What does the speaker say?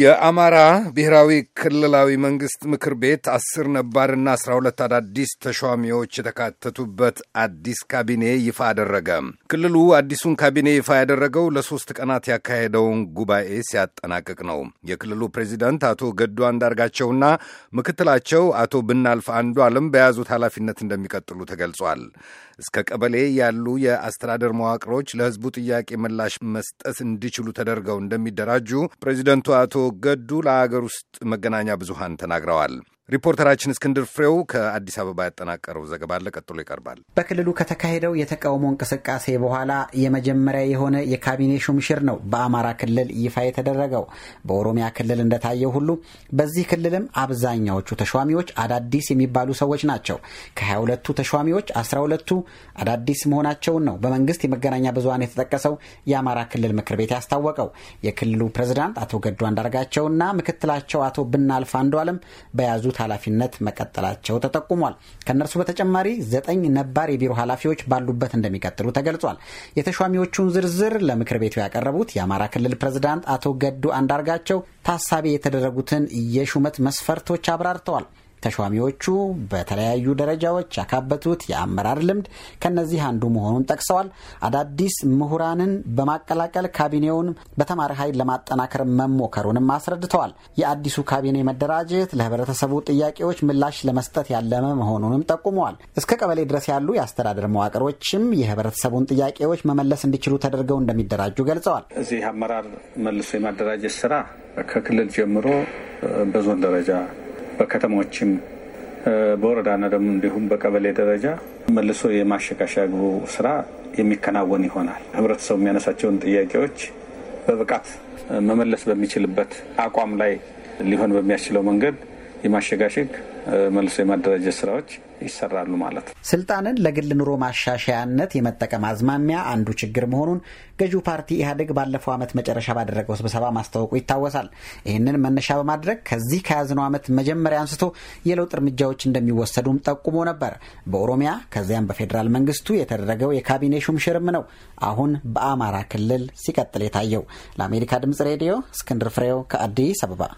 የአማራ ብሔራዊ ክልላዊ መንግስት ምክር ቤት አስር ነባርና አስራ ሁለት አዳዲስ ተሿሚዎች የተካተቱበት አዲስ ካቢኔ ይፋ አደረገ። ክልሉ አዲሱን ካቢኔ ይፋ ያደረገው ለሶስት ቀናት ያካሄደውን ጉባኤ ሲያጠናቅቅ ነው። የክልሉ ፕሬዚደንት አቶ ገዱ አንዳርጋቸውና ምክትላቸው አቶ ብናልፍ አንዱ አለም በያዙት ኃላፊነት እንደሚቀጥሉ ተገልጿል። እስከ ቀበሌ ያሉ የአስተዳደር መዋቅሮች ለህዝቡ ጥያቄ ምላሽ መስጠት እንዲችሉ ተደርገው እንደሚደራጁ ፕሬዚደንቱ አቶ ገዱ ለአገር ውስጥ መገናኛ ብዙሃን ተናግረዋል። ሪፖርተራችን እስክንድር ፍሬው ከአዲስ አበባ ያጠናቀረው ዘገባ አለ፣ ቀጥሎ ይቀርባል። በክልሉ ከተካሄደው የተቃውሞ እንቅስቃሴ በኋላ የመጀመሪያ የሆነ የካቢኔ ሹምሽር ነው በአማራ ክልል ይፋ የተደረገው። በኦሮሚያ ክልል እንደታየው ሁሉ በዚህ ክልልም አብዛኛዎቹ ተሿሚዎች አዳዲስ የሚባሉ ሰዎች ናቸው። ከሀያ ሁለቱ ተሿሚዎች አስራ ሁለቱ አዳዲስ መሆናቸውን ነው በመንግስት የመገናኛ ብዙኃን የተጠቀሰው የአማራ ክልል ምክር ቤት ያስታወቀው። የክልሉ ፕሬዝዳንት አቶ ገዱ አንዳርጋቸውና ምክትላቸው አቶ ብናልፍ አንዱ አለም በያዙት ኃላፊነት መቀጠላቸው ተጠቁሟል። ከእነርሱ በተጨማሪ ዘጠኝ ነባር የቢሮ ኃላፊዎች ባሉበት እንደሚቀጥሉ ተገልጿል። የተሿሚዎቹን ዝርዝር ለምክር ቤቱ ያቀረቡት የአማራ ክልል ፕሬዝዳንት አቶ ገዱ አንዳርጋቸው ታሳቢ የተደረጉትን የሹመት መስፈርቶች አብራርተዋል። ተሿሚዎቹ በተለያዩ ደረጃዎች ያካበቱት የአመራር ልምድ ከነዚህ አንዱ መሆኑን ጠቅሰዋል። አዳዲስ ምሁራንን በማቀላቀል ካቢኔውን በተማሪ ኃይል ለማጠናከር መሞከሩንም አስረድተዋል። የአዲሱ ካቢኔ መደራጀት ለህብረተሰቡ ጥያቄዎች ምላሽ ለመስጠት ያለመ መሆኑንም ጠቁመዋል። እስከ ቀበሌ ድረስ ያሉ የአስተዳደር መዋቅሮችም የህብረተሰቡን ጥያቄዎች መመለስ እንዲችሉ ተደርገው እንደሚደራጁ ገልጸዋል። እዚህ አመራር መልሶ የማደራጀት ስራ ከክልል ጀምሮ በዞን ደረጃ በከተሞችም በወረዳና ደግሞ እንዲሁም በቀበሌ ደረጃ መልሶ የማሸጋሸጉ ስራ የሚከናወን ይሆናል። ህብረተሰቡ የሚያነሳቸውን ጥያቄዎች በብቃት መመለስ በሚችልበት አቋም ላይ ሊሆን በሚያስችለው መንገድ የማሸጋሸግ መልሶ የማደራጀት ስራዎች ይሰራሉ ማለት ነው። ስልጣንን ለግል ኑሮ ማሻሻያነት የመጠቀም አዝማሚያ አንዱ ችግር መሆኑን ገዢው ፓርቲ ኢህአዴግ ባለፈው ዓመት መጨረሻ ባደረገው ስብሰባ ማስታወቁ ይታወሳል። ይህንን መነሻ በማድረግ ከዚህ ከያዝነው ዓመት መጀመሪያ አንስቶ የለውጥ እርምጃዎች እንደሚወሰዱም ጠቁሞ ነበር። በኦሮሚያ ከዚያም በፌዴራል መንግስቱ የተደረገው የካቢኔ ሹምሽርም ነው አሁን በአማራ ክልል ሲቀጥል የታየው። ለአሜሪካ ድምጽ ሬዲዮ እስክንድር ፍሬው ከአዲስ አበባ